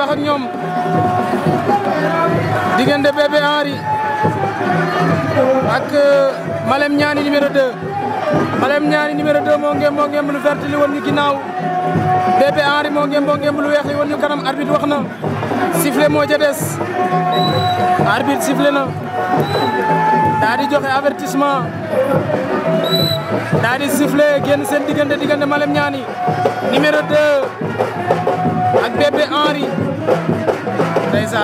wax ak ñoom diggante Bébé Henry ak euh, Malem Niani numéro 2. Malem Niani numéro 2 moo ngem moo ngem lu vert li woon ñu ginnaaw moo ngem moo ngem lu weex li woon ñu kanam arbitre wax na sifflé moo ca des arbitre na daa joxe avertissement daa di sifflé génn diggante diggante Malem Niani numéro 2 ak Bébé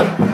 ndeysaan